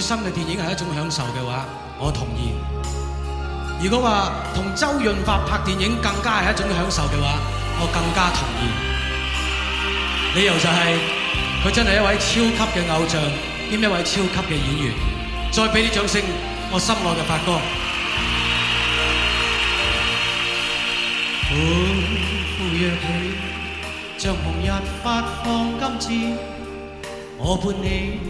最深嘅電影係一種享受嘅話，我同意。如果話同周潤發拍電影更加係一種享受嘅話，我更加同意。理由就係佢真係一位超級嘅偶像兼一位超級嘅演員。再俾啲掌聲，我心愛嘅發哥。忽忽約起，像紅日發放金箭，我伴你。